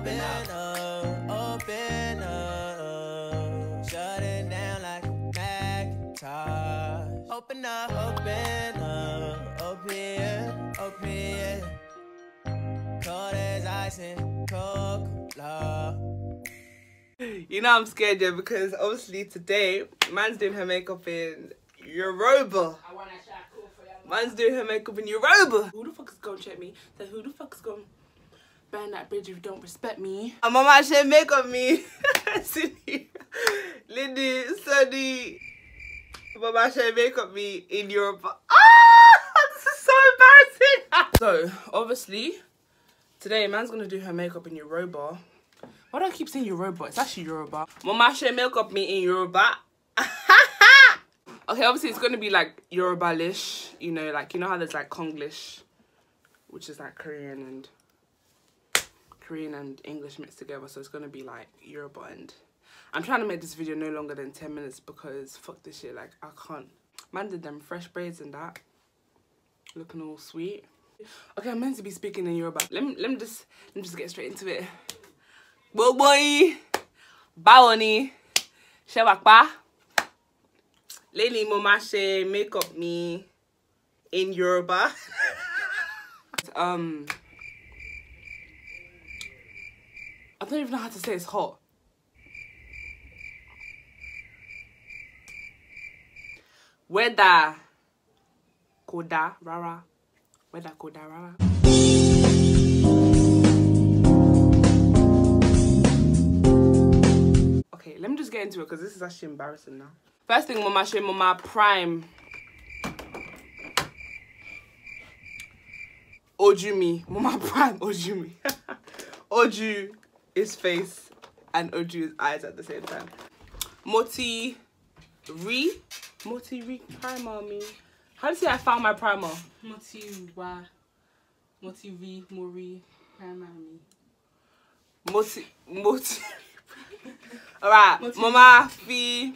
Open up, open up. Shut down like a Macintosh. Open up, open up. Open, open. Cold as ice and cold You know I'm scared, yeah, because obviously today, man's doing her makeup in Yoruba. Man's doing her makeup in Yoruba. Who the fuck is gonna check me? So who the fuck is gonna burn that bridge if you don't respect me. And mama actually make of me. Lindy, Sunny. Mama actually make of me in Europe. Ah, this is so embarrassing. so, obviously, today man's gonna do her makeup in Yoruba. Why do I keep saying Yoruba? It's actually Yoruba. Mama actually make of me in Yoruba. okay, obviously it's gonna be like Yoruba-ish. You know, like, you know how there's like Konglish, which is like Korean and Korean and English mixed together so it's going to be like Eurobond. I'm trying to make this video no longer than 10 minutes because fuck this shit like I can't. Man did them fresh braids and that. Looking all sweet. Okay, I'm meant to be speaking in Yoruba. Let me, let me just let me just get straight into it. Well boy, baoni, ni, ṣé wà pa? Lẹ́ni mo makeup in Yoruba. um I don't even know how to say it's hot. Weather. Koda, rara. Weather, koda, rara. Okay, let me just get into it because this is actually embarrassing now. First thing, Mama shame, Mama Prime. Ojumi. Mama Prime Ojumi. Oju his face and Oju's eyes at the same time. Moti Re Moti Re primer me. How do you say I found my primer? Moti Wa Moti Re Mori primer me. Moti Moti Alright, Mama Fi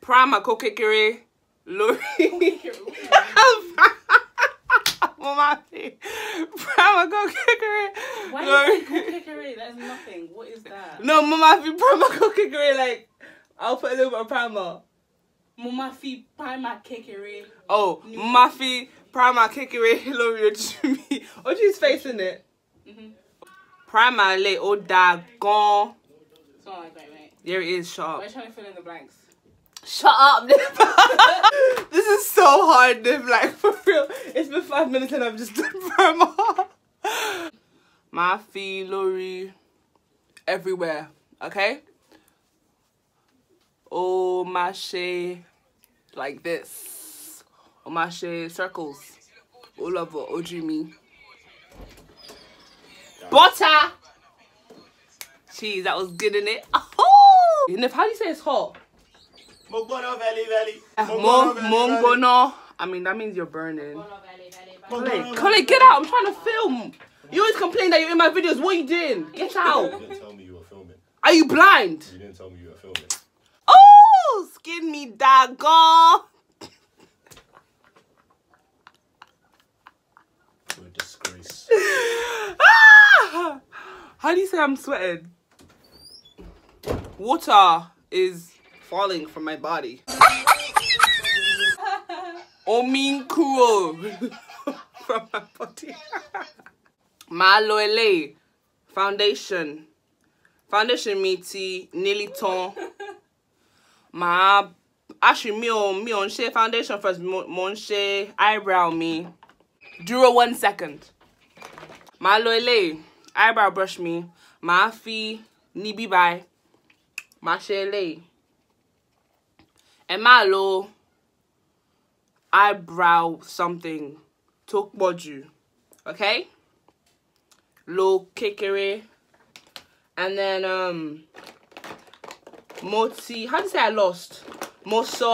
Primer Kokekere Lori on my I'ma go kick her in. Why like, you kick her in? That is nothing. What is that? No, mama feet primer go kick her in. Like, I'll put a little bit of primer. Mumafi Prima kikiri. Oh, Mumafi Prima kikiri. Hilaria Jimmy. Oji's face in mm-hmm. it. Mm-hmm. Prima Le It's not like that, mate. There it is, sharp. We're trying to fill in the blanks. Shut up, Nip. this is so hard, Nip, like, for real. It's been five minutes and I've just done promo. My fillery everywhere, okay? Oh, my shade, like this. Oh, my shade, circles. All over, oh, dreamy. Butter! Cheese, that was good in it. Oh! Nip. how do you say it's hot? Mo eh, Mongono. I mean, that means you're burning. Kole, Kole, get out. I'm trying to film. You always complain that you're in my videos. What are you doing? Get out. You didn't tell me you were filming. Are you blind? You didn't tell me you were filming. Oh, skin me dagger. You're a disgrace. ah! How do you say I'm sweating? Water is falling from my body. Ominkuo from my body. Maloele foundation. Foundation me ti nílí Ma Màá actually me on me ò ń ṣe foundation first mon ń eyebrow me. Dúró one second. Màá eyebrow brush me. Ma fi ní bíbáyìí. Màá ṣe eléyìí and my lo eyebrow something talk pọ̀ okay Low kickery and then um moti how do you say I lost mo sọ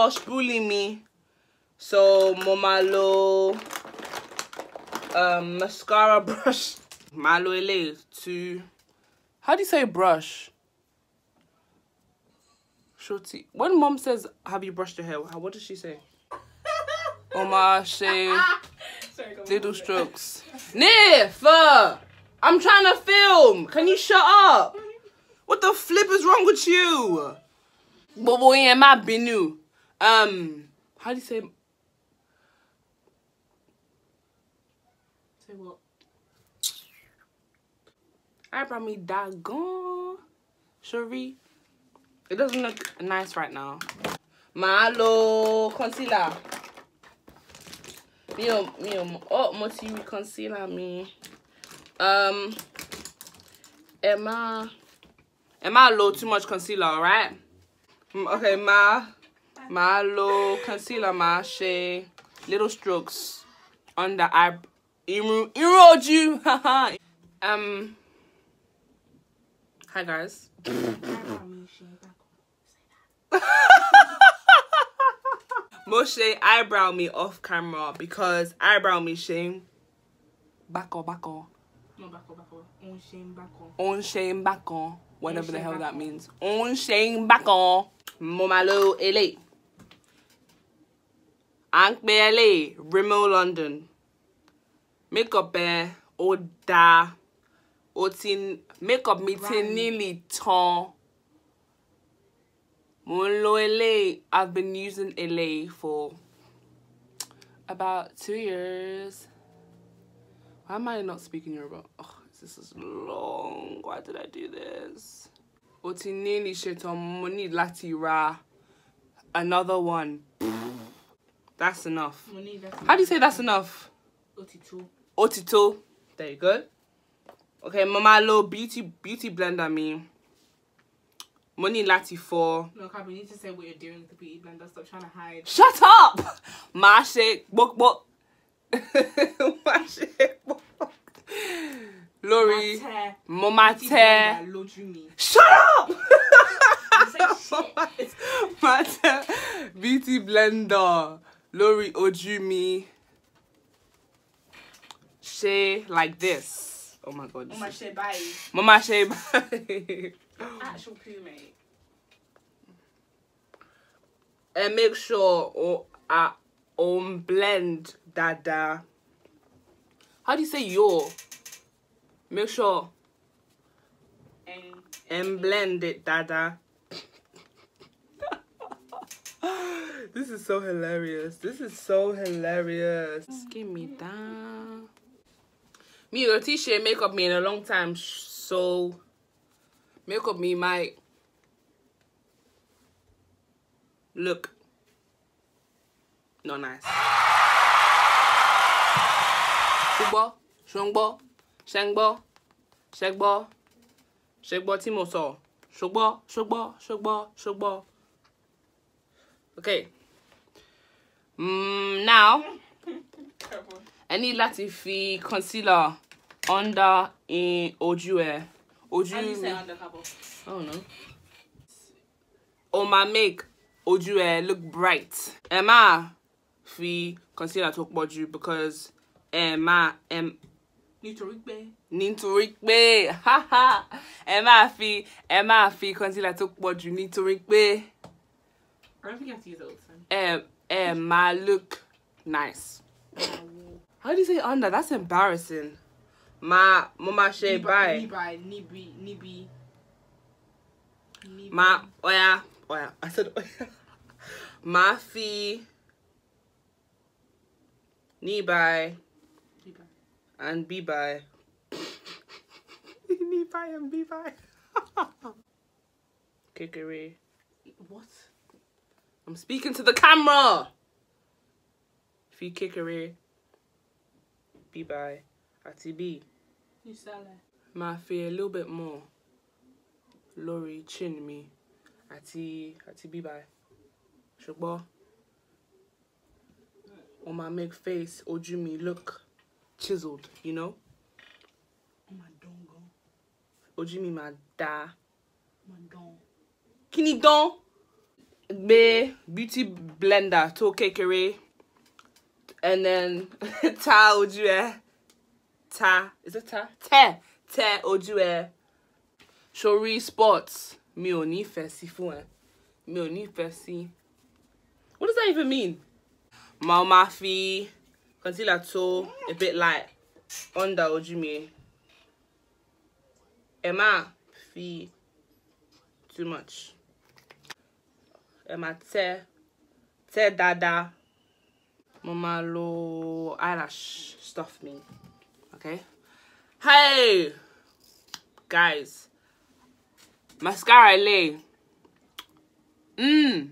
me, so momalo um, mascara brush malo lo to how do you say brush Shorty. When mom says, have you brushed your hair? What does she say? Omashe. little strokes. Niff! I'm trying to film. Can you shut up? What the flip is wrong with you? boy, am I binu? Um, how do you say? Say what? I brought me dagon, Cherie. It doesn't look nice right now. Malo concealer. Me me oh moti concealer me. Um am I am I low too much concealer, alright? Mm, okay, my my concealer my shade little strokes on the eye Iru Iroju haha Um Hi guys. Boshe eyebrow me off camera because eyebrow me shame. Baco baco. No bako On shame baco. On shame baco. Whatever the hell that means. On shame bako. Momalo ele. Ank ele. Rimo London. Makeup bear. Oda. Otin. Makeup me tin nearly LA. I've been using LA for about two years. Why am I not speaking Yoruba? Oh, this is long. Why did I do this? Otinini sheton money latira. Another one. That's enough. How do you say that's enough? Otito. Otito. There you go. Okay, Mama Lo beauty beauty blender me. Money ní láti fọ. no Cap, you need to say what you're doing with the beauty blender stop trying to hide. shut up màá ṣe gbogbo màá ṣe gbogbo lórí mo máa shut up màá tẹ beauty blender lórí Ojumi. mi like this oh my god Mama máa bye. Mama mo bye. Actual poo mate. make sure or uh, on blend dada. How do you say your? Make sure. And, blend it dada. this is so hilarious. This is so hilarious. Skin me down. Me, your t-shirt makeup me in a long time, so Milk me my. look not nice. Ṣùgbọ́, ṣùgbọ́, ṣẹ́ngbọ́, ṣẹ́gbọ́, ṣẹ́gbọ́ tí mo sọ. Ṣùgbọ́, ṣùgbọ́, ṣùgbọ́, ṣùgbọ́. Okay. Mm, now, I need láti concealer under in ojú ojú mi. how do you say undercover? I don't know. On oh, my make, you ẹ look bright. Ẹ máa fi concealer tó pọ̀ jù because ẹ máa ẹ. Nítorí pé. Nítorí pé ẹ máa fi ẹ consider talk about you need to nítorí me. I don't think I have to use it all the time. Emma, look nice. How do you say under? That's embarrassing. Ma mama she buy. Nibai nibi nibi. Ma oya oya. I said oya. Ma fi. Nibai. And bibai. nibai and bibai. Kikiri. What? I'm speaking to the camera. Fi kikiri. Bibai. Ati b. Ìsàlẹ̀. Màá fi a little bit more lórí chin mi àti, àti bíbà. Ṣùgbọ́n ó máa make face ojú mi look chiseled, you know? Ó máa dán gan. Ojú mi máa dà. Ó dán. Gbé beauty blender tó kékeré and then ta ojú ẹ ta is it ta tẹ tẹ ojú ẹ sórí sports mi ò nífẹ̀ẹ́ sí fún ẹ mi ò nífẹ̀ẹ́ sí what does that even mean màá máa fi concealer tó a bit light under ojú mi ẹ má fi too much ẹ má tẹ tẹ dáadáa mo máa lo eyelash stuff mi. okay? Hey! Guys. Mascara lay. Mmm.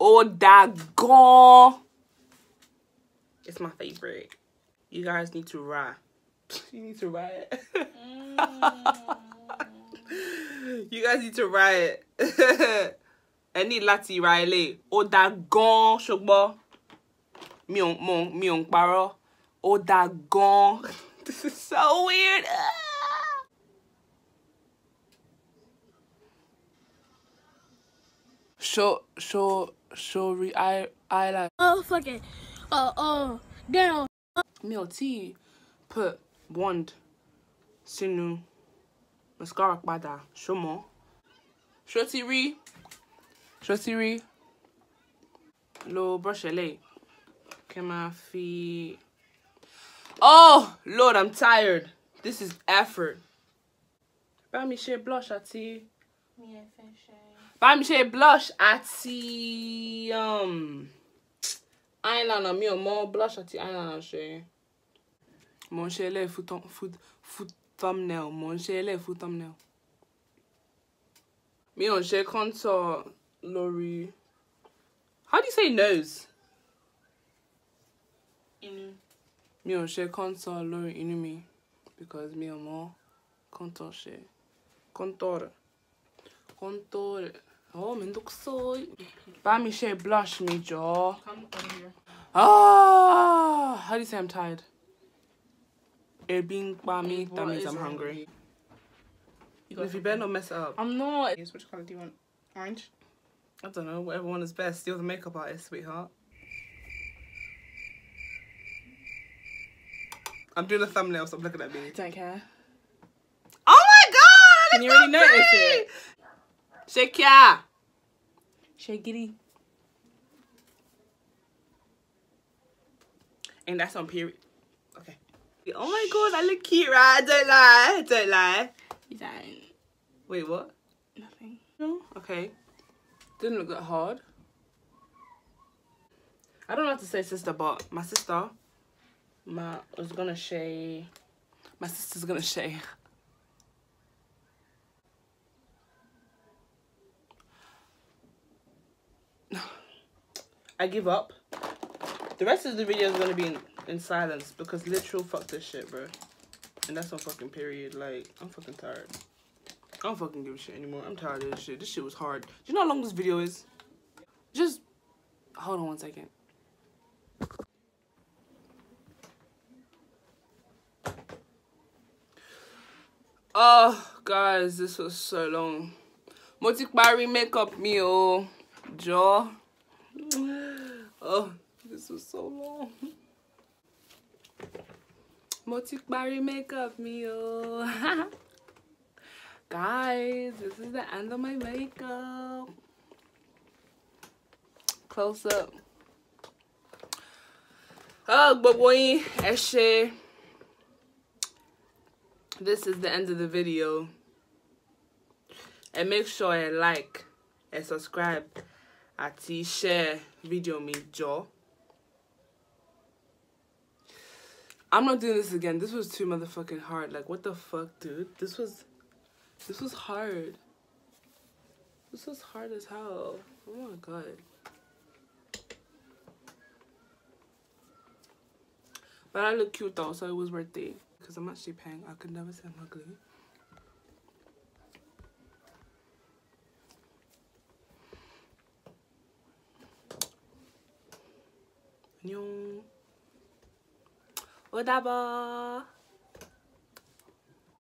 Oh, dagon. It's my favorite. You guys need to ride. you need to ride. mm. you guys need to riot. Any need láti ra ilé. Ó da gan-an ṣùgbọ́n mi ò mi ò ń this is so weird. Show ah. show show re eye, eyelash. Oh, fuck uh, oh, oh down. Meal T put wand, sinu, mascara Show shomo. Shotiri, shotiri, lo brush Low brush Kẹ́ máa fi Oh, Lord, I'm tired. This is effort. Buy me ṣe blush àti. Me I fẹ́ Buy me mi blush àti um, eyeliner me or more ń ṣe ilé foot fun thumbnail. Mo ń ṣe foot fún thumbnail. Me ò ń ṣe contour lórí. How do you say nose? Inú. Mm -hmm. Me on ṣe contour lórí enemy because me on more contour ṣe contour contour oh mi ń dùn so bá mi ṣe blush me jaw. ah how do you say i'm tired It being pa mi that means i'm hungry you if you better not mess up i'm not which color do you want orange i don't know whatever one is best you're the makeup artist sweetheart I'm doing a thumbnail, stop looking at me. Don't care. Oh my god! Can you really notice it? Shake ya! Shaggy. And that's on period. Okay. Oh my god, I look cute, right? Don't lie. Don't lie. You don't. Wait, what? Nothing. No? Okay. Didn't look that hard. I don't know how to say sister, but my sister my I was gonna say my sister's gonna say I give up the rest of the video is gonna be in, in silence because literal fuck this shit bro and that's on fucking period like I'm fucking tired I don't fucking give a shit anymore I'm tired of this shit this shit was hard do you know how long this video is just hold on one second Oh, guys, this was so long. Mo ti makeup me oh jaw. Oh, this was so long. Mo ti makeup me oh. Guys, this is the end of my makeup. Close up. Oh, gbogbo yín, ẹ ṣé this is the end of the video. And make sure and like and subscribe àti share video me jọ. I'm not doing this again. This was too motherfucking hard. Like, what the fuck, dude? This was, this was hard. This was hard as hell. Oh my god. But I look cute though, so it was worth it because I'm actually paying. I could never sell my glue. 안녕 오다버